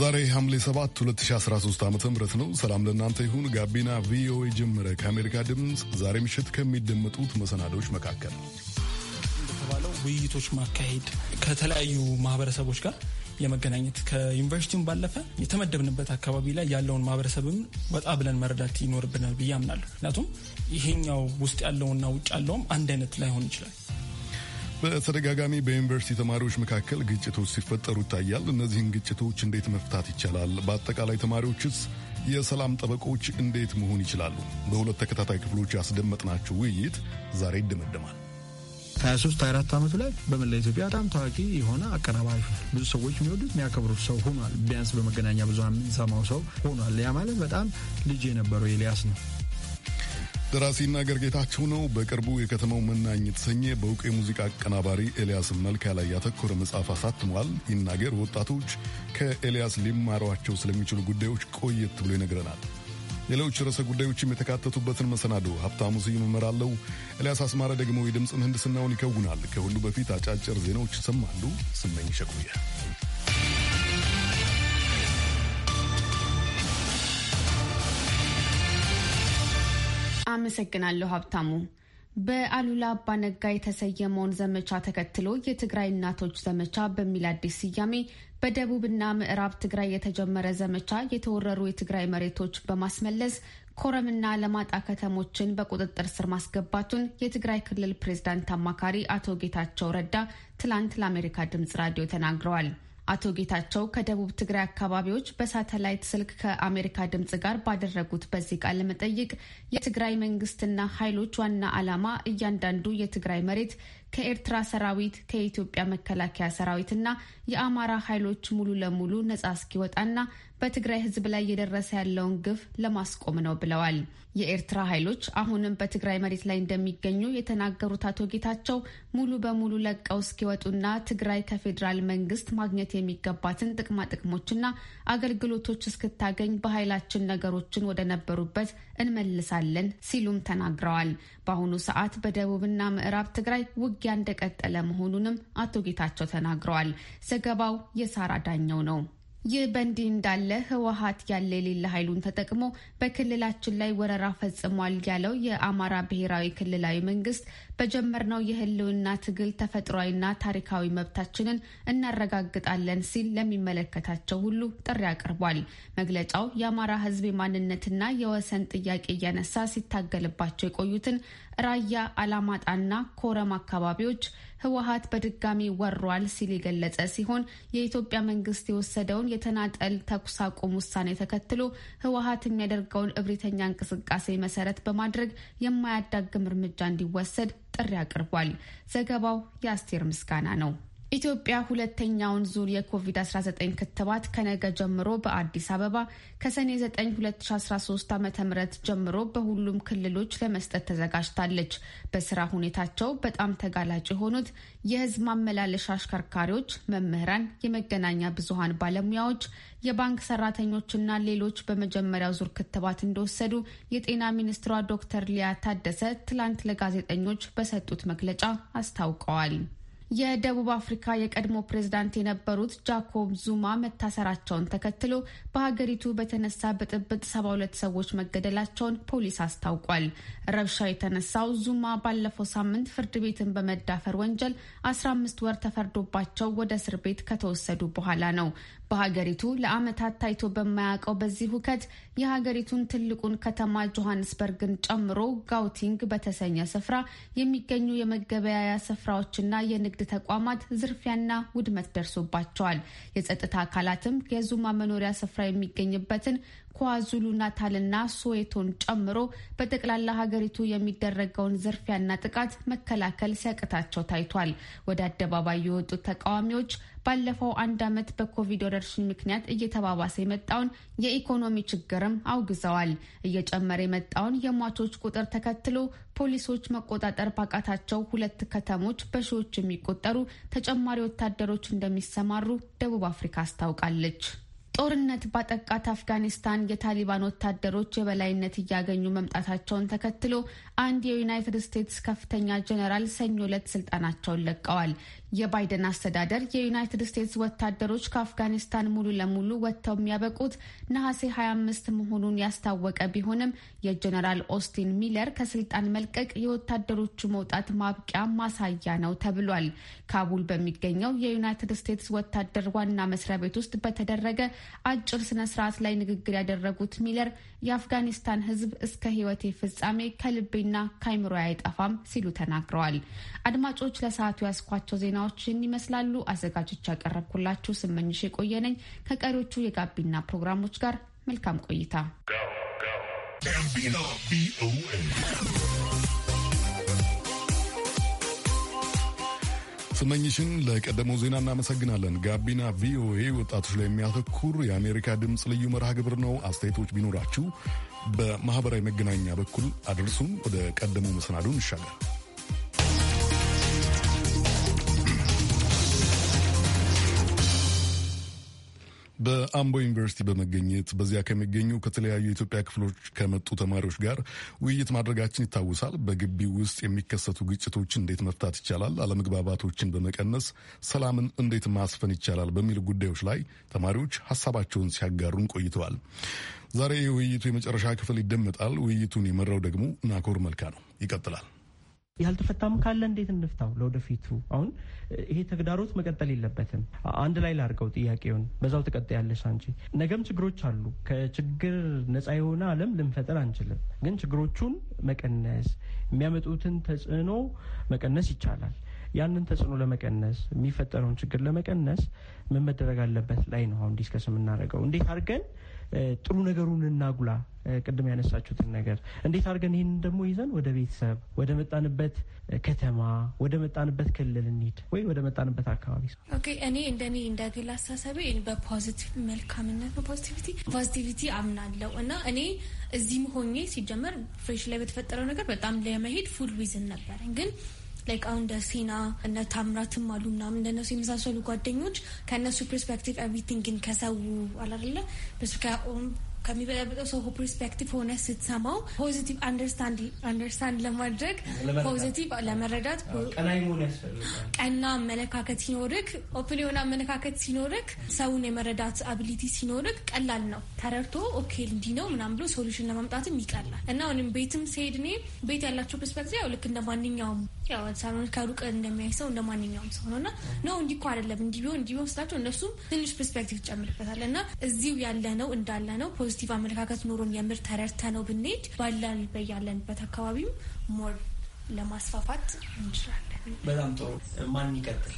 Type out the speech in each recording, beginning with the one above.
ዛሬ ሐምሌ 7 2013 ዓ ም ነው። ሰላም ለእናንተ ይሁን። ጋቢና ቪኦኤ ጀመረ። ከአሜሪካ ድምፅ ዛሬ ምሽት ከሚደመጡት መሰናዶዎች መካከል እንደተባለው ውይይቶች ማካሄድ ከተለያዩ ማህበረሰቦች ጋር የመገናኘት ከዩኒቨርሲቲውን ባለፈ የተመደብንበት አካባቢ ላይ ያለውን ማህበረሰብም ወጣ ብለን መረዳት ይኖርብናል ብዬ አምናለሁ። ምክንያቱም ይሄኛው ውስጥ ያለውና ውጭ ያለውም አንድ አይነት ላይሆን ይችላል። በተደጋጋሚ በዩኒቨርሲቲ ተማሪዎች መካከል ግጭቶች ሲፈጠሩ ይታያል። እነዚህን ግጭቶች እንዴት መፍታት ይቻላል? በአጠቃላይ ተማሪዎችስ የሰላም ጠበቆች እንዴት መሆን ይችላሉ? በሁለት ተከታታይ ክፍሎች ያስደመጥናቸው ውይይት ዛሬ ይደመደማል። 23 24 ዓመቱ ላይ በመላ ኢትዮጵያ በጣም ታዋቂ የሆነ አቀናባሪ ብዙ ሰዎች የሚወዱት የሚያከብሩት ሰው ሆኗል። ቢያንስ በመገናኛ ብዙሃን የምንሰማው ሰው ሆኗል። ያ ማለት በጣም ልጅ የነበረው ኤልያስ ነው። ደራሲና አገር ጌታቸው ነው። በቅርቡ የከተማው መናኝ የተሰኘ በእውቅ የሙዚቃ አቀናባሪ ኤልያስ መልካ ላይ ያተኮረ መጽሐፍ አሳትሟል። ይናገር ወጣቶች ከኤልያስ ሊማሯቸው ስለሚችሉ ጉዳዮች ቆየት ብሎ ይነግረናል። ሌሎች ርዕሰ ጉዳዮችም የተካተቱበትን መሰናዶ ሀብታሙ ስዩም እመራለሁ። ኤልያስ አስማረ ደግሞ የድምፅ ምህንድስናውን ይከውናል። ከሁሉ በፊት አጫጭር ዜናዎች ይሰማሉ። ስመኝ ሸቁየ አመሰግናለሁ ሀብታሙ። በአሉላ አባነጋ የተሰየመውን ዘመቻ ተከትሎ የትግራይ እናቶች ዘመቻ በሚል አዲስ ስያሜ በደቡብና ምዕራብ ትግራይ የተጀመረ ዘመቻ የተወረሩ የትግራይ መሬቶች በማስመለስ ኮረምና ለማጣ ከተሞችን በቁጥጥር ስር ማስገባቱን የትግራይ ክልል ፕሬዝዳንት አማካሪ አቶ ጌታቸው ረዳ ትላንት ለአሜሪካ ድምጽ ራዲዮ ተናግረዋል። አቶ ጌታቸው ከደቡብ ትግራይ አካባቢዎች በሳተላይት ስልክ ከአሜሪካ ድምጽ ጋር ባደረጉት በዚህ ቃለ መጠይቅ የትግራይ መንግስትና ኃይሎች ዋና ዓላማ እያንዳንዱ የትግራይ መሬት ከኤርትራ ሰራዊት ከኢትዮጵያ መከላከያ ሰራዊትና የአማራ ኃይሎች ሙሉ ለሙሉ ነጻ እስኪወጣና በትግራይ ህዝብ ላይ እየደረሰ ያለውን ግፍ ለማስቆም ነው ብለዋል። የኤርትራ ኃይሎች አሁንም በትግራይ መሬት ላይ እንደሚገኙ የተናገሩት አቶ ጌታቸው ሙሉ በሙሉ ለቀው እስኪወጡና ትግራይ ከፌዴራል መንግስት ማግኘት የሚገባትን ጥቅማጥቅሞችና አገልግሎቶች እስክታገኝ በኃይላችን ነገሮችን ወደ ነበሩበት እንመልሳለን ሲሉም ተናግረዋል። በአሁኑ ሰዓት በደቡብና ምዕራብ ትግራይ ውጊያ እንደቀጠለ መሆኑንም አቶ ጌታቸው ተናግረዋል። ዘገባው የሳራ ዳኘው ነው። ይህ በእንዲህ እንዳለ ህወሀት ያለ የሌለ ኃይሉን ተጠቅሞ በክልላችን ላይ ወረራ ፈጽሟል ያለው የአማራ ብሔራዊ ክልላዊ መንግስት በጀመርነው የህልውና ትግል ተፈጥሯዊና ታሪካዊ መብታችንን እናረጋግጣለን ሲል ለሚመለከታቸው ሁሉ ጥሪ አቅርቧል። መግለጫው የአማራ ህዝብ የማንነትና የወሰን ጥያቄ እያነሳ ሲታገልባቸው የቆዩትን ራያ አላማጣና ኮረም አካባቢዎች ህወሀት በድጋሚ ወሯል ሲል የገለጸ ሲሆን የኢትዮጵያ መንግስት የወሰደውን የተናጠል ተኩስ አቁም ውሳኔ ተከትሎ ህወሀት የሚያደርገውን እብሪተኛ እንቅስቃሴ መሰረት በማድረግ የማያዳግም እርምጃ እንዲወሰድ ጥሪ አቅርቧል። ዘገባው የአስቴር ምስጋና ነው። ኢትዮጵያ ሁለተኛውን ዙር የኮቪድ-19 ክትባት ከነገ ጀምሮ በአዲስ አበባ ከሰኔ 9 2013 ዓ ም ጀምሮ በሁሉም ክልሎች ለመስጠት ተዘጋጅታለች። በስራ ሁኔታቸው በጣም ተጋላጭ የሆኑት የህዝብ ማመላለሻ አሽከርካሪዎች፣ መምህራን፣ የመገናኛ ብዙሀን ባለሙያዎች፣ የባንክ ሰራተኞችና ሌሎች በመጀመሪያው ዙር ክትባት እንደወሰዱ የጤና ሚኒስትሯ ዶክተር ሊያ ታደሰ ትላንት ለጋዜጠኞች በሰጡት መግለጫ አስታውቀዋል። የደቡብ አፍሪካ የቀድሞ ፕሬዝዳንት የነበሩት ጃኮብ ዙማ መታሰራቸውን ተከትሎ በሀገሪቱ በተነሳ ብጥብጥ 72 ሰዎች መገደላቸውን ፖሊስ አስታውቋል። ረብሻ የተነሳው ዙማ ባለፈው ሳምንት ፍርድ ቤትን በመዳፈር ወንጀል 15 ወር ተፈርዶባቸው ወደ እስር ቤት ከተወሰዱ በኋላ ነው። በሀገሪቱ ለዓመታት ታይቶ በማያውቀው በዚህ ሁከት የሀገሪቱን ትልቁን ከተማ ጆሃንስበርግን ጨምሮ ጋውቲንግ በተሰኘ ስፍራ የሚገኙ የመገበያያ ስፍራዎችና የንግድ ተቋማት ዝርፊያና ውድመት ደርሶባቸዋል። የጸጥታ አካላትም የዙማ መኖሪያ ስፍራ የሚገኝበትን ኳዙሉ ናታልና ሶዌቶን ጨምሮ በጠቅላላ ሀገሪቱ የሚደረገውን ዝርፊያና ጥቃት መከላከል ሲያቅታቸው ታይቷል። ወደ አደባባይ የወጡት ተቃዋሚዎች ባለፈው አንድ ዓመት በኮቪድ ወረርሽኝ ምክንያት እየተባባሰ የመጣውን የኢኮኖሚ ችግርም አውግዘዋል። እየጨመረ የመጣውን የሟቾች ቁጥር ተከትሎ ፖሊሶች መቆጣጠር ባቃታቸው ሁለት ከተሞች በሺዎች የሚቆጠሩ ተጨማሪ ወታደሮች እንደሚሰማሩ ደቡብ አፍሪካ አስታውቃለች። ጦርነት ባጠቃት አፍጋኒስታን የታሊባን ወታደሮች የበላይነት እያገኙ መምጣታቸውን ተከትሎ አንድ የዩናይትድ ስቴትስ ከፍተኛ ጀኔራል ሰኞ ዕለት ስልጣናቸውን ለቀዋል። የባይደን አስተዳደር የዩናይትድ ስቴትስ ወታደሮች ከአፍጋኒስታን ሙሉ ለሙሉ ወጥተው የሚያበቁት ነሐሴ 25 መሆኑን ያስታወቀ ቢሆንም የጀኔራል ኦስቲን ሚለር ከስልጣን መልቀቅ የወታደሮቹ መውጣት ማብቂያ ማሳያ ነው ተብሏል። ካቡል በሚገኘው የዩናይትድ ስቴትስ ወታደር ዋና መስሪያ ቤት ውስጥ በተደረገ አጭር ስነስርዓት ላይ ንግግር ያደረጉት ሚለር የአፍጋኒስታን ሕዝብ እስከ ሕይወቴ ፍጻሜ ከልቤና ከአይምሮ አይጠፋም ሲሉ ተናግረዋል። አድማጮች ለሰዓቱ ያስኳቸው ዜናዎችን ይመስላሉ። አዘጋጆች ያቀረብኩላችሁ ስመኝሽ የቆየ ነኝ። ከቀሪዎቹ የጋቢና ፕሮግራሞች ጋር መልካም ቆይታ። ስመኝሽን ለቀደመው ዜና እናመሰግናለን። ጋቢና ቪኦኤ ወጣቶች ላይ የሚያተኩር የአሜሪካ ድምፅ ልዩ መርሃ ግብር ነው። አስተያየቶች ቢኖራችሁ በማኅበራዊ መገናኛ በኩል አድርሱን። ወደ ቀደመው መሰናዱን እንሻገር። በአምቦ ዩኒቨርሲቲ በመገኘት በዚያ ከሚገኙ ከተለያዩ የኢትዮጵያ ክፍሎች ከመጡ ተማሪዎች ጋር ውይይት ማድረጋችን ይታወሳል። በግቢው ውስጥ የሚከሰቱ ግጭቶችን እንዴት መፍታት ይቻላል፣ አለመግባባቶችን በመቀነስ ሰላምን እንዴት ማስፈን ይቻላል በሚል ጉዳዮች ላይ ተማሪዎች ሀሳባቸውን ሲያጋሩን ቆይተዋል። ዛሬ የውይይቱ የመጨረሻ ክፍል ይደመጣል። ውይይቱን የመራው ደግሞ ናኮር መልካ ነው። ይቀጥላል። ያልተፈታም ካለ እንዴት እንፍታው? ለወደፊቱ አሁን ይሄ ተግዳሮት መቀጠል የለበትም። አንድ ላይ ላርገው ጥያቄውን በዛው ያለሽ አንቺ። ነገም ችግሮች አሉ። ከችግር ነጻ የሆነ ዓለም ልንፈጥር አንችልም። ግን ችግሮቹን መቀነስ የሚያመጡትን ተጽዕኖ መቀነስ ይቻላል። ያንን ተጽዕኖ ለመቀነስ የሚፈጠረውን ችግር ለመቀነስ ምን መደረግ አለበት ላይ ነው አሁን ዲስከስ የምናደርገው እንዴት አድርገን ጥሩ ነገሩን እናጉላ። ቅድም ያነሳችሁትን ነገር እንዴት አድርገን ይህንን ደግሞ ይዘን ወደ ቤተሰብ ወደ መጣንበት ከተማ ወደ መጣንበት ክልል እንሂድ ወይ ወደ መጣንበት አካባቢ። ኦኬ እኔ እንደኔ እንደግል አሳሰቤ በፖዚቲቭ መልካምነት በፖዚቲቪቲ ፖዚቲቪቲ አምናለው እና እኔ እዚህም ሆኜ ሲጀመር ፍሬሽ ላይ በተፈጠረው ነገር በጣም ለመሄድ ፉል ዊዝን ነበረኝ ግን ላይክ አሁን እንደ ሴና እነ ታምራትም አሉ ምናምን እንደነሱ የመሳሰሉ ጓደኞች ከእነሱ ፐርስፔክቲቭ ኤቭሪቲንግን ከሰው አላለ ከሚበለብጠው ሰው ፐርስፔክቲቭ ሆነ ስትሰማው ፖዚቲቭ አንደርስታንድ ለማድረግ ፖዚቲቭ ለመረዳት ቀና አመለካከት ሲኖርክ፣ ኦፕን የሆነ አመለካከት ሲኖርክ፣ ሰውን የመረዳት አቢሊቲ ሲኖርክ ቀላል ነው ተረድቶ ኦኬ እንዲህ ነው ምናም ብሎ ሶሉሽን ለማምጣትም ይቀላል እና አሁንም ቤትም ስሄድ እኔ ቤት ያላቸው ፐርስፔክቲቭ ያው ልክ እንደ ማንኛውም ያው አዲስ አበባ ከሩቅ እንደሚያይ ሰው እንደ ማንኛውም ሰው ነው እና ነው እንዲህ እኮ አይደለም እንዲህ ቢሆን እንዲህ ቢሆን ስላቸው እነሱም ትንሽ ፐርስፔክቲቭ ጨምርበታል እና እዚሁ ያለ ነው እንዳለ ነው ፖዚቲቭ አመለካከት ኖሮን የምር ተረድተ ነው ብንሄድ ባላል በያለንበት አካባቢም ሞር ለማስፋፋት እንችላለን። በጣም ጥሩ። ማን ይቀጥል?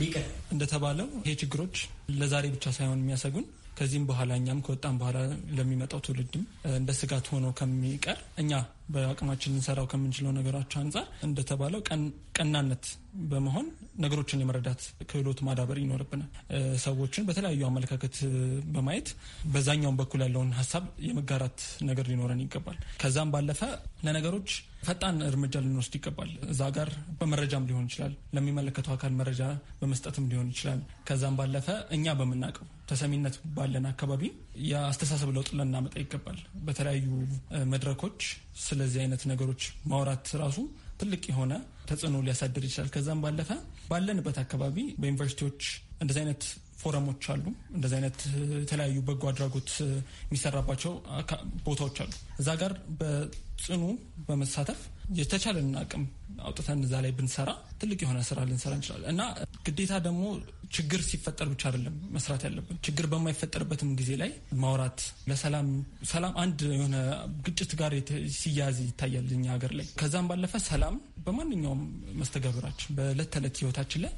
ሊቀ እንደተባለው ይሄ ችግሮች ለዛሬ ብቻ ሳይሆን የሚያሰጉን ከዚህም በኋላ እኛም ከወጣም በኋላ ለሚመጣው ትውልድም እንደ ስጋት ሆኖ ከሚቀር እኛ በአቅማችን ልንሰራው ከምንችለው ነገሮች አንጻር እንደተባለው ቀናነት በመሆን ነገሮችን የመረዳት ክህሎት ማዳበር ይኖርብናል። ሰዎችን በተለያዩ አመለካከት በማየት በዛኛውን በኩል ያለውን ሀሳብ የመጋራት ነገር ሊኖረን ይገባል። ከዛም ባለፈ ለነገሮች ፈጣን እርምጃ ልንወስድ ይገባል። እዛ ጋር በመረጃም ሊሆን ይችላል፣ ለሚመለከተው አካል መረጃ በመስጠትም ሊሆን ይችላል። ከዛም ባለፈ እኛ በምናውቀው ተሰሚነት ባለን አካባቢ የአስተሳሰብ ለውጥ ልናመጣ ይገባል። በተለያዩ መድረኮች ስለዚህ አይነት ነገሮች ማውራት ራሱ ትልቅ የሆነ ተጽዕኖ ሊያሳድር ይችላል። ከዛም ባለፈ ባለንበት አካባቢ በዩኒቨርሲቲዎች እንደዚህ አይነት ፎረሞች አሉ። እንደዚህ አይነት የተለያዩ በጎ አድራጎት የሚሰራባቸው ቦታዎች አሉ። እዛ ጋር በጽኑ በመሳተፍ የተቻለንን አቅም አውጥተን እዛ ላይ ብንሰራ ትልቅ የሆነ ስራ ልንሰራ እንችላለን እና ግዴታ ደግሞ ችግር ሲፈጠር ብቻ አይደለም መስራት ያለብን። ችግር በማይፈጠርበትም ጊዜ ላይ ማውራት ለሰላም ሰላም አንድ የሆነ ግጭት ጋር ሲያያዝ ይታያል እኛ ሀገር ላይ። ከዛም ባለፈ ሰላም በማንኛውም መስተጋብራችን በእለት ተዕለት ህይወታችን ላይ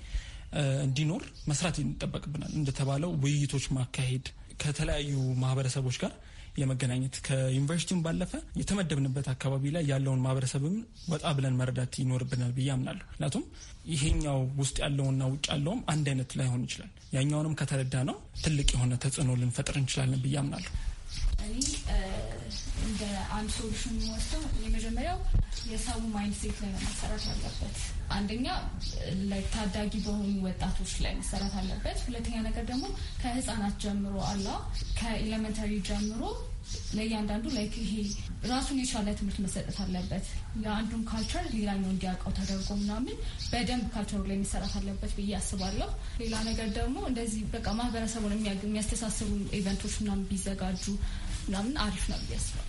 እንዲኖር መስራት ይጠበቅብናል። እንደተባለው ውይይቶች ማካሄድ ከተለያዩ ማህበረሰቦች ጋር የመገናኘት ከዩኒቨርሲቲውን ባለፈ የተመደብንበት አካባቢ ላይ ያለውን ማህበረሰብም ወጣ ብለን መረዳት ይኖርብናል ብዬ አምናለሁ። ምክንያቱም ይሄኛው ውስጥ ያለውና ውጭ ያለውም አንድ አይነት ላይሆን ይችላል። ያኛውንም ከተረዳ ነው ትልቅ የሆነ ተጽዕኖ ልንፈጥር እንችላለን ብዬ አምናለሁ። እኔ እንደ አንድ ሶሉሽን የሚወስደው የመጀመሪያው የሰው ማይንድሴት ላይ ነው መሰራት ያለበት። አንደኛ ታዳጊ በሆኑ ወጣቶች ላይ መሰራት አለበት። ሁለተኛ ነገር ደግሞ ከህፃናት ጀምሮ አላ ከኤሌመንተሪ ጀምሮ ለእያንዳንዱ ላይክ ይሄ ራሱን የቻለ ትምህርት መሰጠት አለበት። የአንዱን ካልቸር ሌላኛው እንዲያውቀው ተደርጎ ምናምን በደንብ ካልቸሩ ላይ መሰራት አለበት ብዬ አስባለሁ። ሌላ ነገር ደግሞ እንደዚህ በቃ ማህበረሰቡን የሚያስተሳስሩ ኢቨንቶች ምናምን ቢዘጋጁ ምናምን አሪፍ ነው ያስባል።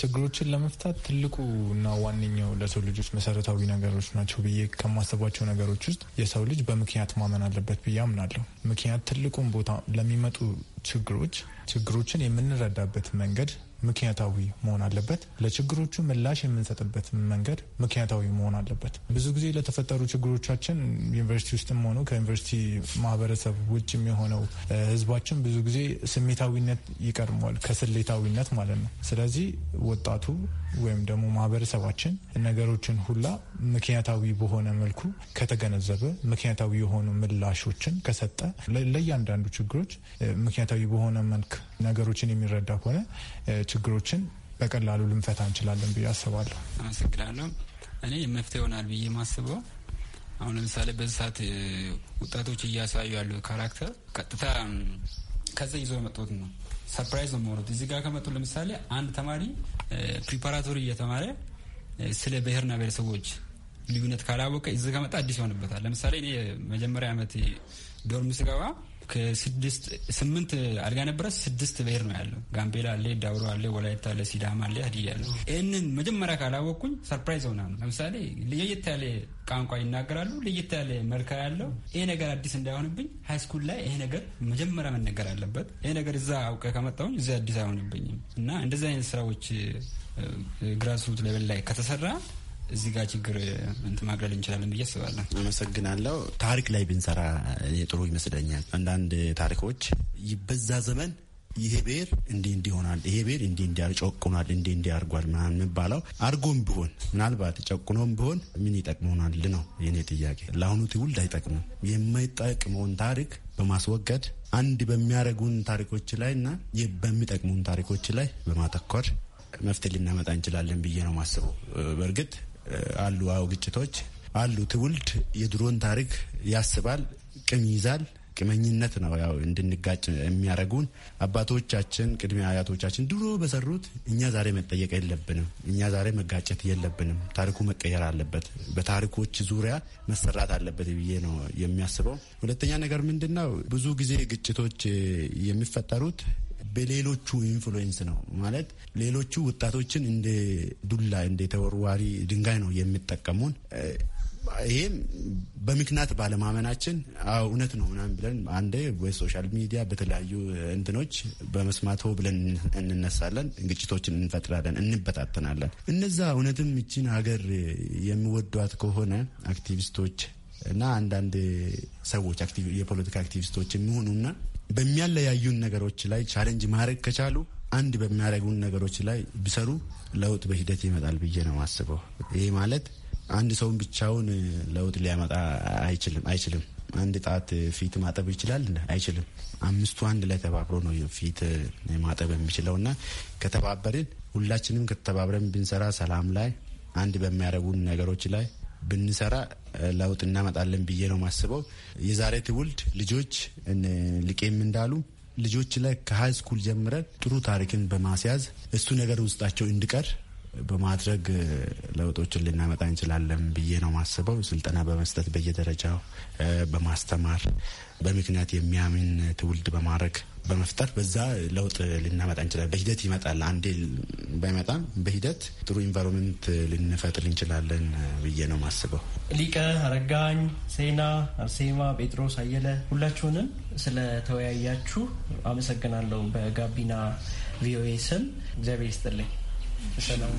ችግሮችን ለመፍታት ትልቁ እና ዋነኛው ለሰው ልጆች መሰረታዊ ነገሮች ናቸው ብዬ ከማሰባቸው ነገሮች ውስጥ የሰው ልጅ በምክንያት ማመን አለበት ብዬ አምናለሁ። ምክንያት ትልቁን ቦታ ለሚመጡ ችግሮች ችግሮችን የምንረዳበት መንገድ ምክንያታዊ መሆን አለበት። ለችግሮቹ ምላሽ የምንሰጥበት መንገድ ምክንያታዊ መሆን አለበት። ብዙ ጊዜ ለተፈጠሩ ችግሮቻችን ዩኒቨርሲቲ ውስጥም ሆኑ ከዩኒቨርሲቲ ማህበረሰብ ውጭም የሆነው ህዝባችን ብዙ ጊዜ ስሜታዊነት ይቀድመዋል፣ ከስሌታዊነት ማለት ነው። ስለዚህ ወጣቱ ወይም ደግሞ ማህበረሰባችን ነገሮችን ሁላ ምክንያታዊ በሆነ መልኩ ከተገነዘበ ምክንያታዊ የሆኑ ምላሾችን ከሰጠ ለእያንዳንዱ ችግሮች ምክንያታዊ በሆነ መልክ ነገሮችን የሚረዳ ከሆነ ችግሮችን በቀላሉ ልንፈታ እንችላለን ብዬ አስባለሁ። አመሰግናለሁ። እኔ መፍትሄ ይሆናል ብዬ ማስበው አሁን ለምሳሌ በዚህ ሰዓት ወጣቶች እያሳዩ ያሉ ካራክተር ቀጥታ ከዛ ይዞ መጡት ነው ሰርፕራይዝ ነው የሚሆኑት። እዚህ ጋር ከመጡ ለምሳሌ አንድ ተማሪ ፕሪፓራቶሪ እየተማረ ስለ ብሔርና ብሔረሰቦች ልዩነት ካላወቀ እዚህ ከመጣ አዲስ ይሆንበታል። ለምሳሌ እኔ መጀመሪያ ዓመት ዶርም ስገባ ከስድስት ስምንት አድጋ ነበረ። ስድስት ብሔር ነው ያለው። ጋምቤላ አለ፣ ዳውሮ አለ፣ ወላይታ አለ፣ ሲዳማ አለ፣ ሀዲያ አለ። ይህንን መጀመሪያ ካላወቅኩኝ ሰርፕራይዝ ሆና ነው። ለምሳሌ ለየት ያለ ቋንቋ ይናገራሉ፣ ለየት ያለ መልካ ያለው ይሄ ነገር አዲስ እንዳይሆንብኝ ሃይስኩል ላይ ይሄ ነገር መጀመሪያ መነገር አለበት። ይሄ ነገር እዛ አውቀ ከመጣሁኝ እዚ አዲስ አይሆንብኝም እና እንደዚህ አይነት ስራዎች ግራስሩት ሌቨል ላይ ከተሰራ እዚህ ጋር ችግር እንትን ማቅለል እንችላለን ብዬ አስባለሁ። አመሰግናለሁ። ታሪክ ላይ ብንሰራ ጥሩ ይመስለኛል። አንዳንድ ታሪኮች በዛ ዘመን ይሄ ብሔር እንዲህ እንዲሆናል፣ ይሄ ብሔር እንዲህ እንዲያርጮቁናል፣ እንዲህ እንዲያርጓል ምናምን የሚባለው አርጎም ቢሆን ምናልባት ጨቁኖም ቢሆን ምን ይጠቅመናል ነው የኔ ጥያቄ። ለአሁኑ ትውልድ አይጠቅምም። የማይጠቅመውን ታሪክ በማስወገድ አንድ በሚያደርጉን ታሪኮች ላይ እና በሚጠቅሙን ታሪኮች ላይ በማተኮር መፍትሄ ልናመጣ እንችላለን ብዬ ነው ማስበው በእርግጥ አሉ። አዎ ግጭቶች አሉ። ትውልድ የድሮን ታሪክ ያስባል፣ ቂም ይዛል። ቂመኝነት ነው ያው እንድንጋጭ የሚያደርጉን። አባቶቻችን ቅድሚያ አያቶቻችን ድሮ በሰሩት እኛ ዛሬ መጠየቅ የለብንም። እኛ ዛሬ መጋጨት የለብንም። ታሪኩ መቀየር አለበት፣ በታሪኮች ዙሪያ መሰራት አለበት ብዬ ነው የሚያስበው። ሁለተኛ ነገር ምንድን ነው ብዙ ጊዜ ግጭቶች የሚፈጠሩት በሌሎቹ ኢንፍሉዌንስ ነው ማለት ሌሎቹ ወጣቶችን እንደ ዱላ እንደ ተወርዋሪ ድንጋይ ነው የሚጠቀሙን። ይህም በምክንያት ባለማመናችን እውነት ነው ምናምን ብለን አንዴ በሶሻል ሚዲያ በተለያዩ እንትኖች በመስማቶ ብለን እንነሳለን፣ ግጭቶችን እንፈጥራለን፣ እንበታተናለን። እነዛ እውነትም እችን ሀገር የሚወዷት ከሆነ አክቲቪስቶች እና አንዳንድ ሰዎች የፖለቲካ አክቲቪስቶች የሚሆኑና በሚያለያዩን ነገሮች ላይ ቻለንጅ ማድረግ ከቻሉ አንድ በሚያደርጉን ነገሮች ላይ ቢሰሩ ለውጥ በሂደት ይመጣል ብዬ ነው ማስበው ይህ ማለት አንድ ሰውን ብቻውን ለውጥ ሊያመጣ አይችልም አይችልም። አንድ ጣት ፊት ማጠብ ይችላል አይችልም። አምስቱ አንድ ላይ ተባብሮ ነው ፊት ማጠብ የሚችለው እና ከተባበርን፣ ሁላችንም ከተባብረን ብንሰራ ሰላም ላይ አንድ በሚያደርጉን ነገሮች ላይ ብንሰራ ለውጥ እናመጣለን ብዬ ነው ማስበው። የዛሬ ትውልድ ልጆች ልቄም እንዳሉ ልጆች ላይ ከሀይ ስኩል ጀምረን ጥሩ ታሪክን በማስያዝ እሱ ነገር ውስጣቸው እንዲቀር በማድረግ ለውጦችን ልናመጣ እንችላለን ብዬ ነው ማስበው። ስልጠና በመስጠት በየደረጃው በማስተማር በምክንያት የሚያምን ትውልድ በማድረግ በመፍታት በዛ ለውጥ ልናመጣ እንችላለን። በሂደት ይመጣል። አንዴ ባይመጣም በሂደት ጥሩ ኢንቫይሮንመንት ልንፈጥር እንችላለን ብዬ ነው ማስበው። ሊቀ አረጋኝ፣ ሴና፣ አርሴማ፣ ጴጥሮስ፣ አየለ ሁላችሁንም ስለተወያያችሁ አመሰግናለሁ። በጋቢና ቪኦኤ ስም እግዚአብሔር ይስጥልኝ። ሰላም።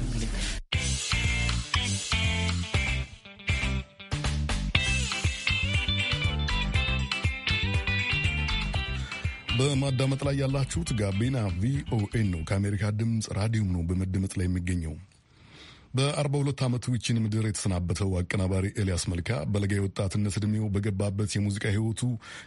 በማዳመጥ ላይ ያላችሁት ጋቢና ቪኦኤን ነው። ከአሜሪካ ድምፅ ራዲዮም ነው በመደመጥ ላይ የሚገኘው። በ42 ዓመቱ ይችን ምድር የተሰናበተው አቀናባሪ ኤልያስ መልካ በለጋ የወጣትነት ዕድሜው በገባበት የሙዚቃ ሕይወቱ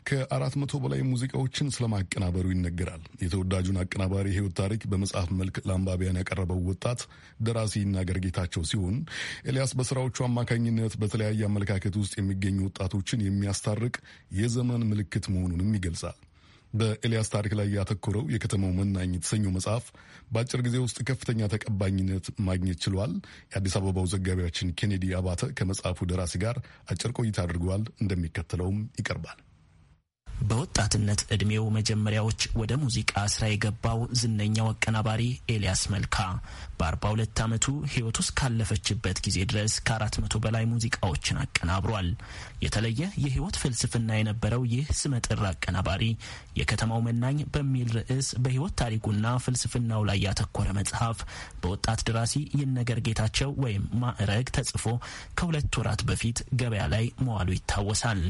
ከ መቶ በላይ ሙዚቃዎችን ስለማቀናበሩ ይነገራል። የተወዳጁን አቀናባሪ ሕይወት ታሪክ በመጽሐፍ መልክ ለአንባቢያን ያቀረበው ወጣት ደራሲ ይናገር ጌታቸው ሲሆን ኤልያስ በስራዎቹ አማካኝነት በተለያየ አመለካከት ውስጥ የሚገኙ ወጣቶችን የሚያስታርቅ የዘመን ምልክት መሆኑንም ይገልጻል። በኤልያስ ታሪክ ላይ ያተኮረው የከተማው መናኝ የተሰኘው መጽሐፍ በአጭር ጊዜ ውስጥ ከፍተኛ ተቀባይነት ማግኘት ችሏል። የአዲስ አበባው ዘጋቢያችን ኬኔዲ አባተ ከመጽሐፉ ደራሲ ጋር አጭር ቆይታ አድርገዋል። እንደሚከተለውም ይቀርባል። በወጣትነት ዕድሜው መጀመሪያዎች ወደ ሙዚቃ ስራ የገባው ዝነኛው አቀናባሪ ኤልያስ መልካ በ42 ዓመቱ ውስጥ ካለፈችበት ጊዜ ድረስ ከ መቶ በላይ ሙዚቃዎችን አቀናብሯል። የተለየ የህይወት ፍልስፍና የነበረው ይህ ስመጥር አቀናባሪ የከተማው መናኝ በሚል ርዕስ በህይወት ታሪኩና ፍልስፍናው ላይ ያተኮረ መጽሐፍ በወጣት ደራሲ ይነገር ጌታቸው ወይም ማዕረግ ተጽፎ ከሁለት ወራት በፊት ገበያ ላይ መዋሉ ይታወሳል።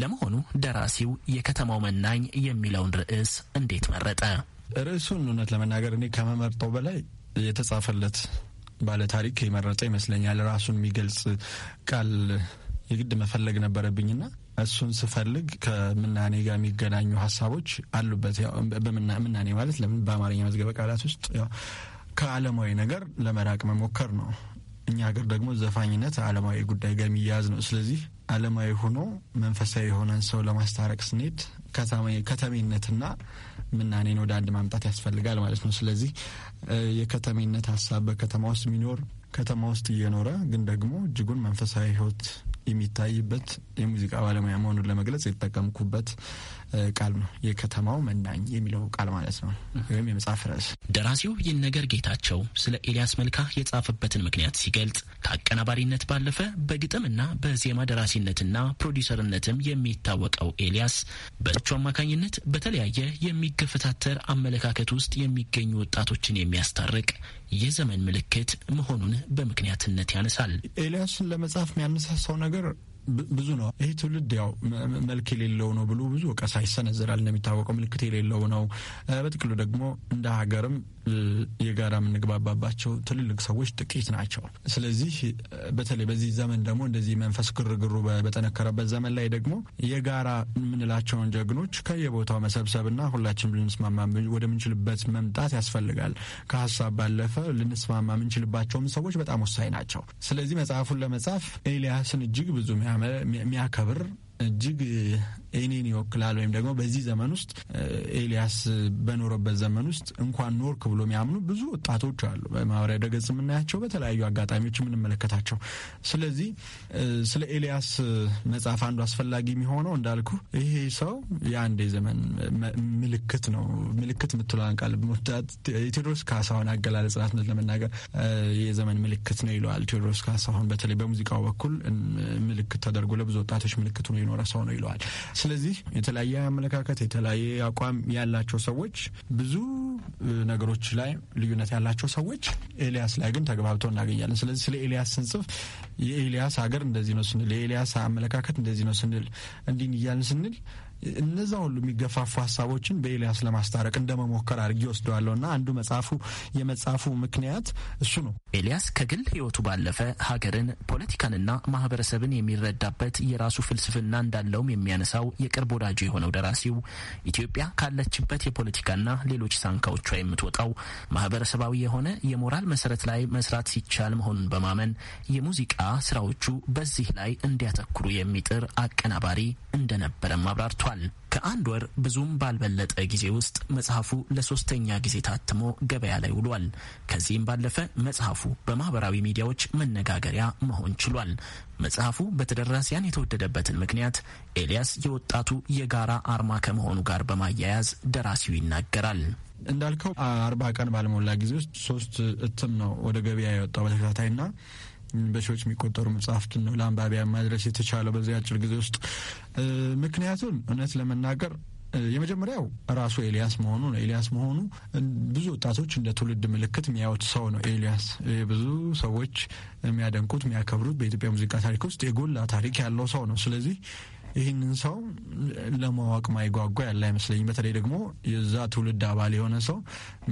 ለመሆኑ ደራሲው የከተማው መናኝ የሚለውን ርዕስ እንዴት መረጠ? ርዕሱን እውነት ለመናገር እኔ ከመመርጠው በላይ የተጻፈለት ባለ ታሪክ የመረጠ ይመስለኛል። ራሱን የሚገልጽ ቃል የግድ መፈለግ ነበረብኝና እሱን ስፈልግ ከምናኔ ጋር የሚገናኙ ሀሳቦች አሉበት። ምናኔ ማለት ለምን በአማርኛ መዝገበ ቃላት ውስጥ ከዓለማዊ ነገር ለመራቅ መሞከር ነው። እኛ ሀገር ደግሞ ዘፋኝነት ዓለማዊ ጉዳይ ጋር የሚያያዝ ነው። ስለዚህ ዓለማዊ ሆኖ መንፈሳዊ የሆነን ሰው ለማስታረቅ ስንሄድ ከተሜነትና ምናኔን ወደ አንድ ማምጣት ያስፈልጋል ማለት ነው። ስለዚህ የከተሜነት ሀሳብ በከተማ ውስጥ የሚኖር ከተማ ውስጥ እየኖረ ግን ደግሞ እጅጉን መንፈሳዊ ሕይወት የሚታይበት የሙዚቃ ባለሙያ መሆኑን ለመግለጽ የተጠቀምኩበት ቃል ነው። የከተማው መናኝ የሚለው ቃል ማለት ነው፣ ወይም የመጽሐፍ ርዕስ። ደራሲው ነገር ጌታቸው ስለ ኤልያስ መልካ የጻፈበትን ምክንያት ሲገልጽ ከአቀናባሪነት ባለፈ በግጥምና በዜማ ደራሲነትና ፕሮዲሰርነትም የሚታወቀው ኤልያስ በቹ አማካኝነት በተለያየ የሚገፈታተር አመለካከት ውስጥ የሚገኙ ወጣቶችን የሚያስታርቅ የዘመን ምልክት መሆኑን በምክንያትነት ያነሳል። ኤልያስን ለመጻፍ የሚያነሳሳው ነገር ብዙ ነው። ይህ ትውልድ ያው መልክ የሌለው ነው ብሎ ብዙ ወቀሳ ይሰነዝራል። እንደሚታወቀው ምልክት የሌለው ነው። በጥቅሉ ደግሞ እንደ ሀገርም የጋራ የምንግባባባቸው ትልልቅ ሰዎች ጥቂት ናቸው። ስለዚህ በተለይ በዚህ ዘመን ደግሞ እንደዚህ መንፈስ ግርግሩ በጠነከረበት ዘመን ላይ ደግሞ የጋራ የምንላቸውን ጀግኖች ከየቦታው መሰብሰብና ሁላችን ልንስማማ ወደምንችልበት መምጣት ያስፈልጋል። ከሀሳብ ባለፈ ልንስማማ የምንችልባቸውም ሰዎች በጣም ወሳኝ ናቸው። ስለዚህ መጽሐፉን ለመጻፍ ኤልያስን እጅግ ብዙ ሚያ የሚያከብር እጅግ እኔን ይወክላል ወይም ደግሞ በዚህ ዘመን ውስጥ ኤልያስ በኖረበት ዘመን ውስጥ እንኳን ኖርክ ብሎ የሚያምኑ ብዙ ወጣቶች አሉ። በማህበራዊ ደገጽ የምናያቸው፣ በተለያዩ አጋጣሚዎች የምንመለከታቸው። ስለዚህ ስለ ኤልያስ መጽሐፍ አንዱ አስፈላጊ የሚሆነው እንዳልኩ ይሄ ሰው የአንድ ዘመን ምልክት ነው። ምልክት የምትለዋን ቃል ቴዎድሮስ ካሳሁን አገላለጽ ናት ለመናገር የዘመን ምልክት ነው ይለዋል ቴዎድሮስ ካሳሁን። በተለይ በሙዚቃው በኩል ምልክት ተደርጎ ለብዙ ወጣቶች ምልክት ሆኖ የኖረ ሰው ነው ይለዋል። ስለዚህ የተለያየ አመለካከት የተለያየ አቋም ያላቸው ሰዎች ብዙ ነገሮች ላይ ልዩነት ያላቸው ሰዎች ኤልያስ ላይ ግን ተግባብተው እናገኛለን። ስለዚህ ስለ ኤልያስ ስንጽፍ የኤልያስ ሀገር እንደዚህ ነው ስንል፣ የኤልያስ አመለካከት እንደዚህ ነው ስንል፣ እንዲህ እያልን ስንል እነዛ ሁሉ የሚገፋፉ ሀሳቦችን በኤልያስ ለማስታረቅ እንደመሞከር አድርጌ ወስደዋለሁ እና አንዱ መጽሐፉ የመጽሐፉ ምክንያት እሱ ነው። ኤልያስ ከግል ህይወቱ ባለፈ ሀገርን፣ ፖለቲካንና ማህበረሰብን የሚረዳበት የራሱ ፍልስፍና እንዳለውም የሚያነሳው የቅርብ ወዳጁ የሆነው ደራሲው ኢትዮጵያ ካለችበት የፖለቲካና ሌሎች ሳንካዎቿ የምትወጣው ማህበረሰባዊ የሆነ የሞራል መሰረት ላይ መስራት ሲቻል መሆኑን በማመን የሙዚቃ ስራዎቹ በዚህ ላይ እንዲያተኩሩ የሚጥር አቀናባሪ እንደነበረም አብራርቷል። ተሰጥቷል። ከአንድ ወር ብዙም ባልበለጠ ጊዜ ውስጥ መጽሐፉ ለሶስተኛ ጊዜ ታትሞ ገበያ ላይ ውሏል። ከዚህም ባለፈ መጽሐፉ በማህበራዊ ሚዲያዎች መነጋገሪያ መሆን ችሏል። መጽሐፉ በተደራሲያን የተወደደበትን ምክንያት ኤልያስ የወጣቱ የጋራ አርማ ከመሆኑ ጋር በማያያዝ ደራሲው ይናገራል። እንዳልከው አርባ ቀን ባልሞላ ጊዜ ውስጥ ሶስት እትም ነው ወደ ገበያ የወጣው በተከታታይና በሺዎች የሚቆጠሩ መጽሐፍትን ነው ለአንባቢያ ማድረስ የተቻለው በዚህ አጭር ጊዜ ውስጥ። ምክንያቱም እውነት ለመናገር የመጀመሪያው ራሱ ኤልያስ መሆኑ ነው። ኤልያስ መሆኑ ብዙ ወጣቶች እንደ ትውልድ ምልክት የሚያዩት ሰው ነው። ኤልያስ ብዙ ሰዎች የሚያደንቁት፣ የሚያከብሩት በኢትዮጵያ ሙዚቃ ታሪክ ውስጥ የጎላ ታሪክ ያለው ሰው ነው። ስለዚህ ይህንን ሰው ለማወቅ ማይጓጓ ያለ አይመስለኝ። በተለይ ደግሞ የዛ ትውልድ አባል የሆነ ሰው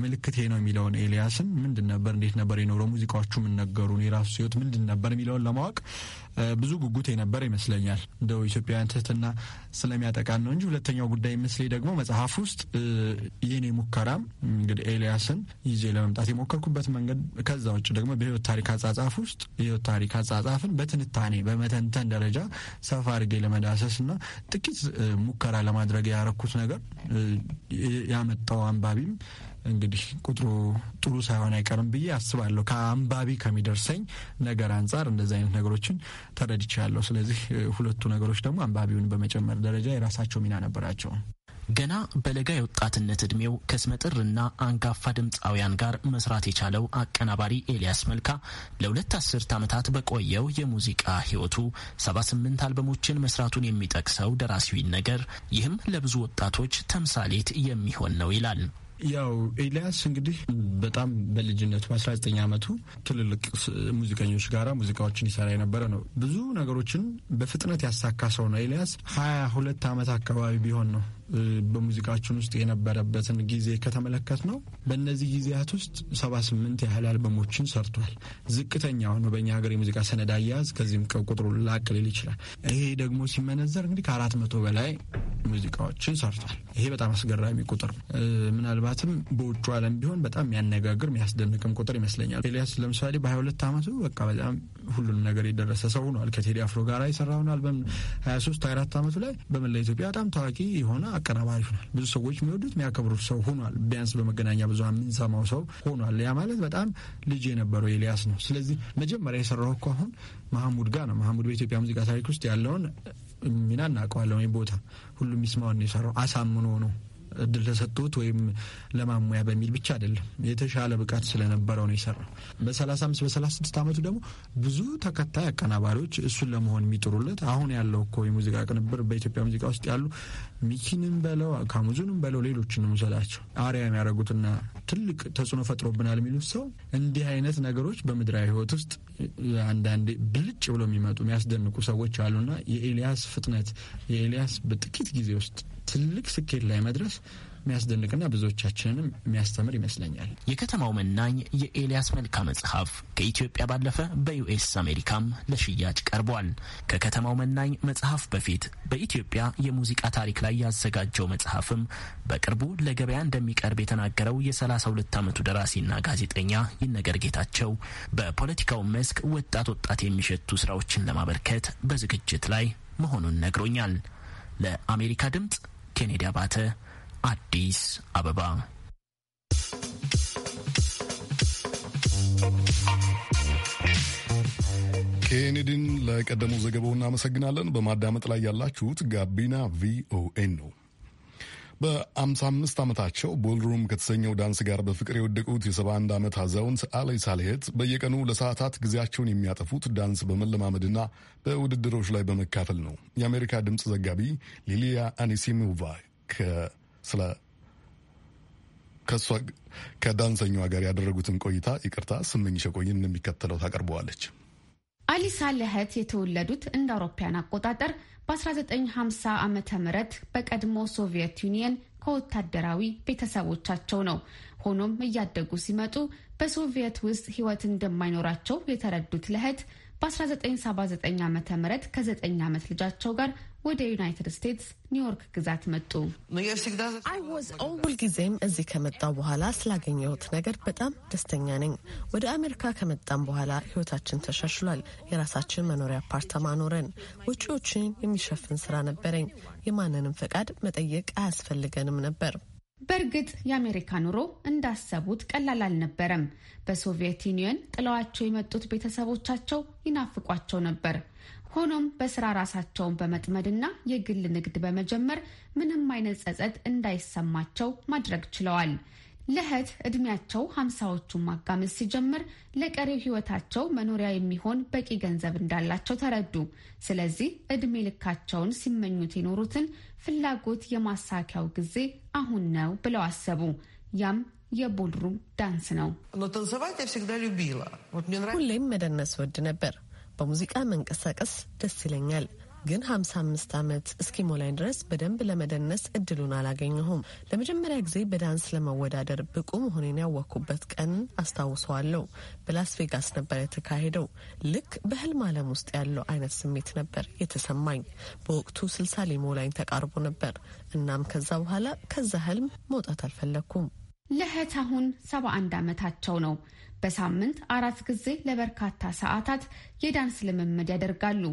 ምልክቴ ነው የሚለውን ኤልያስን ምንድን ነበር፣ እንዴት ነበር የኖረው፣ ሙዚቃዎቹ ምን ነገሩ፣ የራሱ ህይወት ምንድን ነበር የሚለውን ለማወቅ ብዙ ጉጉት የነበረ ይመስለኛል። እንደው ኢትዮጵያውያን ትህትና ስለሚያጠቃን ነው እንጂ ሁለተኛው ጉዳይ ምስሌ ደግሞ መጽሐፍ ውስጥ የኔ ሙከራም እንግዲህ ኤልያስን ይዤ ለመምጣት የሞከርኩበት መንገድ ከዛ ውጭ ደግሞ በህይወት ታሪክ አጻጻፍ ውስጥ የህይወት ታሪክ አጻጻፍን በትንታኔ በመተንተን ደረጃ ሰፋ አድርጌ ለመዳሰስ እና ጥቂት ሙከራ ለማድረግ ያረኩት ነገር ያመጣው አንባቢም እንግዲህ ቁጥሩ ጥሩ ሳይሆን አይቀርም ብዬ አስባለሁ። ከአንባቢ ከሚደርሰኝ ነገር አንጻር እንደዚህ አይነት ነገሮችን ተረድቻለሁ። ስለዚህ ሁለቱ ነገሮች ደግሞ አንባቢውን በመጨመር ደረጃ የራሳቸው ሚና ነበራቸው። ገና በለጋ የወጣትነት እድሜው ከስመጥርና አንጋፋ ድምፃውያን ጋር መስራት የቻለው አቀናባሪ ኤልያስ መልካ ለሁለት አስርት ዓመታት በቆየው የሙዚቃ ሕይወቱ 78 አልበሞችን መስራቱን የሚጠቅሰው ደራሲዊን ነገር ይህም ለብዙ ወጣቶች ተምሳሌት የሚሆን ነው ይላል። ያው ኤልያስ እንግዲህ በጣም በልጅነቱ በ19 ዓመቱ ትልልቅ ሙዚቀኞች ጋር ሙዚቃዎችን ይሰራ የነበረ ነው። ብዙ ነገሮችን በፍጥነት ያሳካ ሰው ነው። ኤልያስ 22 ዓመት አካባቢ ቢሆን ነው በሙዚቃችን ውስጥ የነበረበትን ጊዜ ከተመለከት ነው በእነዚህ ጊዜያት ውስጥ ሰባ ስምንት ያህል አልበሞችን ሰርቷል። ዝቅተኛ ነው በእኛ ሀገር የሙዚቃ ሰነድ አያያዝ ከዚህም ቁጥሩ ላቅ ሊል ይችላል። ይሄ ደግሞ ሲመነዘር እንግዲህ ከአራት መቶ በላይ ሙዚቃዎችን ሰርቷል። ይሄ በጣም አስገራሚ ቁጥር ነው። ምናልባትም በውጩ ዓለም ቢሆን በጣም የሚያነጋግር የሚያስደንቅም ቁጥር ይመስለኛል። ኤልያስ ለምሳሌ በሀያ ሁለት ዓመቱ በቃ በጣም ሁሉም ነገር የደረሰ ሰው ሆኗል። ከቴዲ አፍሮ ጋር የሰራውን አልበም ሀያ ሶስት ሀያ አራት ዓመቱ ላይ በመላ ኢትዮጵያ በጣም ታዋቂ የሆነ አቀናባሪ ሆኗል። ብዙ ሰዎች የሚወዱት የሚያከብሩት ሰው ሆኗል። ቢያንስ በመገናኛ ብዙኃን የምንሰማው ሰው ሆኗል። ያ ማለት በጣም ልጅ የነበረው ኤልያስ ነው። ስለዚህ መጀመሪያ የሰራው እኮ አሁን መሐሙድ ጋር ነው። መሐሙድ በኢትዮጵያ ሙዚቃ ታሪክ ውስጥ ያለውን ሚና እናውቀዋለን። ወይ ቦታ ሁሉም ይስማውን የሰራው አሳምኖ ነው እድል ተሰጥቶት ወይም ለማሙያ በሚል ብቻ አይደለም። የተሻለ ብቃት ስለነበረው ነው የሰራው። በ35 በ36 ዓመቱ ደግሞ ብዙ ተከታይ አቀናባሪዎች እሱን ለመሆን የሚጥሩለት አሁን ያለው እኮ የሙዚቃ ቅንብር በኢትዮጵያ ሙዚቃ ውስጥ ያሉ ሚኪንም በለው ካሙዙንም በለው ሌሎችንም ውሰዳቸው አሪያ የሚያደርጉትና ትልቅ ተጽዕኖ ፈጥሮብናል የሚሉት ሰው እንዲህ አይነት ነገሮች በምድራዊ ህይወት ውስጥ አንዳንዴ ብልጭ ብሎ የሚመጡ የሚያስደንቁ ሰዎች አሉና የኤልያስ ፍጥነት የኤልያስ በጥቂት ጊዜ ውስጥ ትልቅ ስኬት ላይ መድረስ የሚያስደንቅና ብዙዎቻችንንም የሚያስተምር ይመስለኛል። የከተማው መናኝ የኤልያስ መልካ መጽሐፍ ከኢትዮጵያ ባለፈ በዩኤስ አሜሪካም ለሽያጭ ቀርቧል። ከከተማው መናኝ መጽሐፍ በፊት በኢትዮጵያ የሙዚቃ ታሪክ ላይ ያዘጋጀው መጽሐፍም በቅርቡ ለገበያ እንደሚቀርብ የተናገረው የ32 ዓመቱ ደራሲና ጋዜጠኛ ይነገር ጌታቸው በፖለቲካው መስክ ወጣት ወጣት የሚሸቱ ስራዎችን ለማበርከት በዝግጅት ላይ መሆኑን ነግሮኛል። ለአሜሪካ ድምፅ ኬኔዲ አባተ አዲስ አበባ። ኬኔዲን ለቀደመው ዘገባው እናመሰግናለን። በማዳመጥ ላይ ያላችሁት ጋቢና ቪኦኤን ነው። በ55 ዓመታቸው ቦልሩም ከተሰኘው ዳንስ ጋር በፍቅር የወደቁት የ71 ዓመት አዛውንት አለይ ሳልሄት በየቀኑ ለሰዓታት ጊዜያቸውን የሚያጠፉት ዳንስ በመለማመድና በውድድሮች ላይ በመካፈል ነው። የአሜሪካ ድምፅ ዘጋቢ ሊሊያ አኒሲሞቫ ስለ ከእሷ ከዳንሰኛዋ ጋር ያደረጉትን ቆይታ ይቅርታ ስመኝሽ የቆይን እንደሚከተለው ታቀርበዋለች። አሊሳ ለህት የተወለዱት እንደ አውሮፓያን አቆጣጠር በ1950 ዓ ም በቀድሞ ሶቪየት ዩኒየን ከወታደራዊ ቤተሰቦቻቸው ነው። ሆኖም እያደጉ ሲመጡ በሶቪየት ውስጥ ህይወት እንደማይኖራቸው የተረዱት ለህት በ1979 ዓ ም ከ9 ዓመት ልጃቸው ጋር ወደ ዩናይትድ ስቴትስ ኒውዮርክ ግዛት መጡ። ሁልጊዜም እዚህ ከመጣው በኋላ ስላገኘሁት ነገር በጣም ደስተኛ ነኝ። ወደ አሜሪካ ከመጣም በኋላ ህይወታችን ተሻሽሏል። የራሳችን መኖሪያ አፓርታማ ኖረን ውጪዎችን የሚሸፍን ስራ ነበረኝ። የማንንም ፈቃድ መጠየቅ አያስፈልገንም ነበር። በእርግጥ የአሜሪካ ኑሮ እንዳሰቡት ቀላል አልነበረም። በሶቪየት ዩኒየን ጥለዋቸው የመጡት ቤተሰቦቻቸው ይናፍቋቸው ነበር። ሆኖም በስራ ራሳቸውን በመጥመድና የግል ንግድ በመጀመር ምንም አይነት ጸጸት እንዳይሰማቸው ማድረግ ችለዋል። ለህት እድሜያቸው ሀምሳዎቹን ማጋመስ ሲጀምር ለቀሪው ህይወታቸው መኖሪያ የሚሆን በቂ ገንዘብ እንዳላቸው ተረዱ። ስለዚህ እድሜ ልካቸውን ሲመኙት የኖሩትን ፍላጎት የማሳኪያው ጊዜ አሁን ነው ብለው አሰቡ። ያም የቦልሩም ዳንስ ነው። ሁሌም መደነስ ወድ ነበር በሙዚቃ መንቀሳቀስ ደስ ይለኛል ግን 55 ዓመት እስኪሞላኝ ድረስ በደንብ ለመደነስ እድሉን አላገኘሁም። ለመጀመሪያ ጊዜ በዳንስ ለመወዳደር ብቁ መሆኔን ያወቅኩበት ቀን አስታውሰዋለሁ። በላስ ቬጋስ ነበር የተካሄደው። ልክ በህልም ዓለም ውስጥ ያለው አይነት ስሜት ነበር የተሰማኝ። በወቅቱ 60 ሊሞላኝ ተቃርቦ ነበር። እናም ከዛ በኋላ ከዛ ህልም መውጣት አልፈለግኩም። ልህት አሁን 71 ዓመታቸው ነው። በሳምንት አራት ጊዜ ለበርካታ ሰዓታት የዳንስ ልምምድ ያደርጋሉ።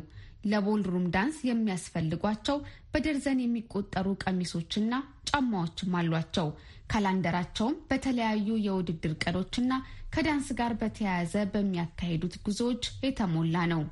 ለቦልሩም ዳንስ የሚያስፈልጓቸው በደርዘን የሚቆጠሩ ቀሚሶችና ጫማዎችም አሏቸው። ካላንደራቸውም በተለያዩ የውድድር ቀኖችና ከዳንስ ጋር በተያያዘ በሚያካሄዱት ጉዞዎች የተሞላ ነው።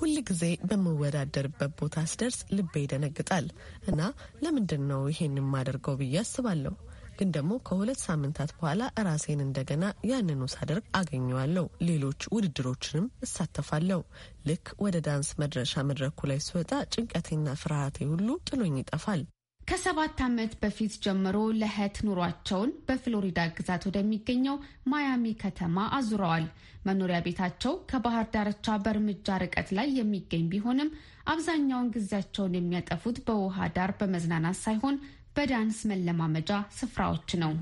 ሁል ጊዜ በምወዳደርበት ቦታ ስደርስ ልቤ ይደነግጣል እና ለምንድን ነው ይሄን የማደርገው ብዬ አስባለሁ። ግን ደግሞ ከሁለት ሳምንታት በኋላ ራሴን እንደገና ያንኑ ሳደርግ አገኘዋለሁ። ሌሎች ውድድሮችንም እሳተፋለሁ። ልክ ወደ ዳንስ መድረሻ መድረኩ ላይ ስወጣ ጭንቀቴና ፍርሃቴ ሁሉ ጥሎኝ ይጠፋል። ከሰባት ዓመት በፊት ጀምሮ ለህት ኑሯቸውን በፍሎሪዳ ግዛት ወደሚገኘው ማያሚ ከተማ አዙረዋል። መኖሪያ ቤታቸው ከባህር ዳርቻ በእርምጃ ርቀት ላይ የሚገኝ ቢሆንም አብዛኛውን ጊዜያቸውን የሚያጠፉት በውሃ ዳር በመዝናናት ሳይሆን በዳንስ መለማመጃ ስፍራዎች ነው።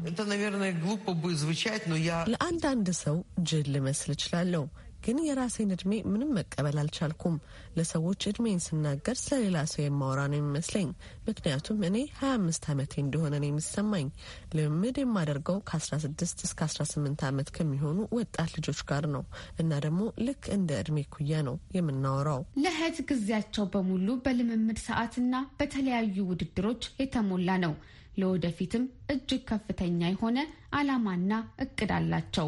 ለአንዳንድ ሰው ጅል ልመስል እችላለሁ። ግን የራሴን እድሜ ምንም መቀበል አልቻልኩም። ለሰዎች እድሜን ስናገር ስለሌላ ሰው የማወራ ነው የሚመስለኝ። ምክንያቱም እኔ 25 አመቴ እንደሆነ ነው የሚሰማኝ። ልምምድ የማደርገው ከ16 እስከ 18 አመት ከሚሆኑ ወጣት ልጆች ጋር ነው እና ደግሞ ልክ እንደ እድሜ ኩያ ነው የምናወራው። ለህት ጊዜያቸው በሙሉ በልምምድ ሰዓትና በተለያዩ ውድድሮች የተሞላ ነው። ለወደፊትም እጅግ ከፍተኛ የሆነ ዓላማና እቅድ አላቸው።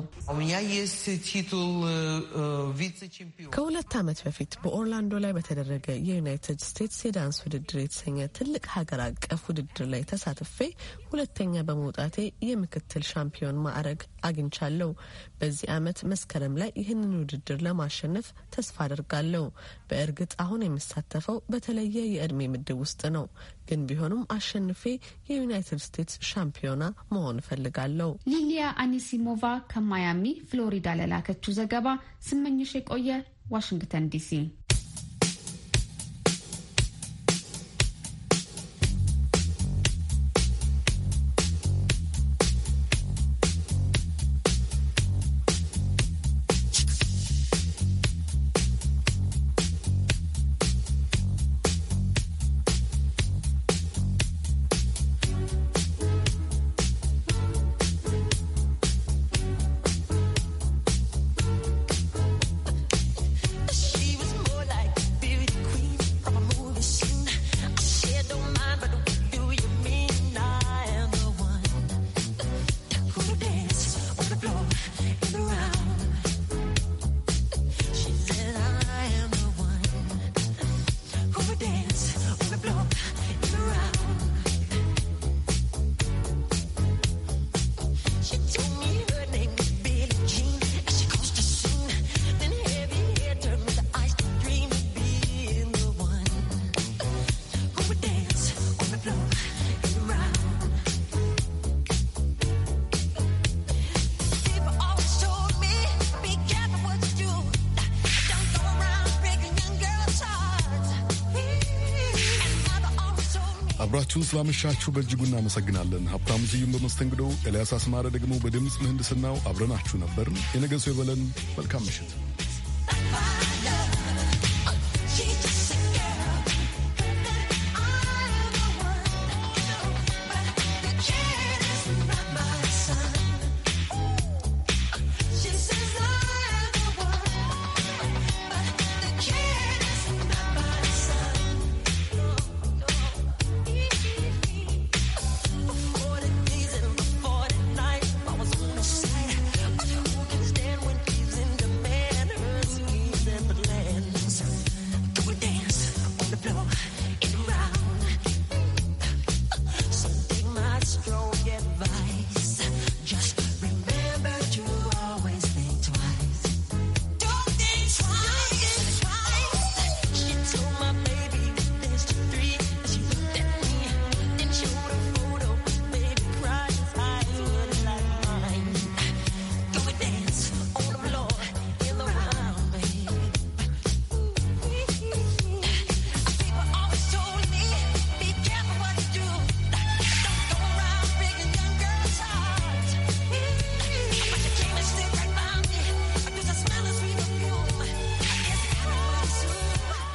ከሁለት ዓመት በፊት በኦርላንዶ ላይ በተደረገ የዩናይትድ ስቴትስ የዳንስ ውድድር የተሰኘ ትልቅ ሀገር አቀፍ ውድድር ላይ ተሳትፌ ሁለተኛ በመውጣቴ የምክትል ሻምፒዮን ማዕረግ አግኝቻለሁ። በዚህ ዓመት መስከረም ላይ ይህንን ውድድር ለማሸነፍ ተስፋ አድርጋለሁ። በእርግጥ አሁን የምሳተፈው በተለየ የእድሜ ምድብ ውስጥ ነው። ግን ቢሆንም አሸንፌ የዩናይትድ ስቴትስ ሻምፒዮና መሆን እፈልጋለሁ። ሊሊያ አኒሲሞቫ ከማያሚ ፍሎሪዳ ለላከችው ዘገባ ስመኝሽ የቆየ ዋሽንግተን ዲሲ አብራችሁን ስላመሻችሁ በእጅጉ እናመሰግናለን። ሀብታሙ ስዩም በመስተንግዶው፣ ኤልያስ አስማረ ደግሞ በድምፅ ምህንድስናው አብረናችሁ ነበር። የነገ ሰው ይበለን። መልካም ምሽት።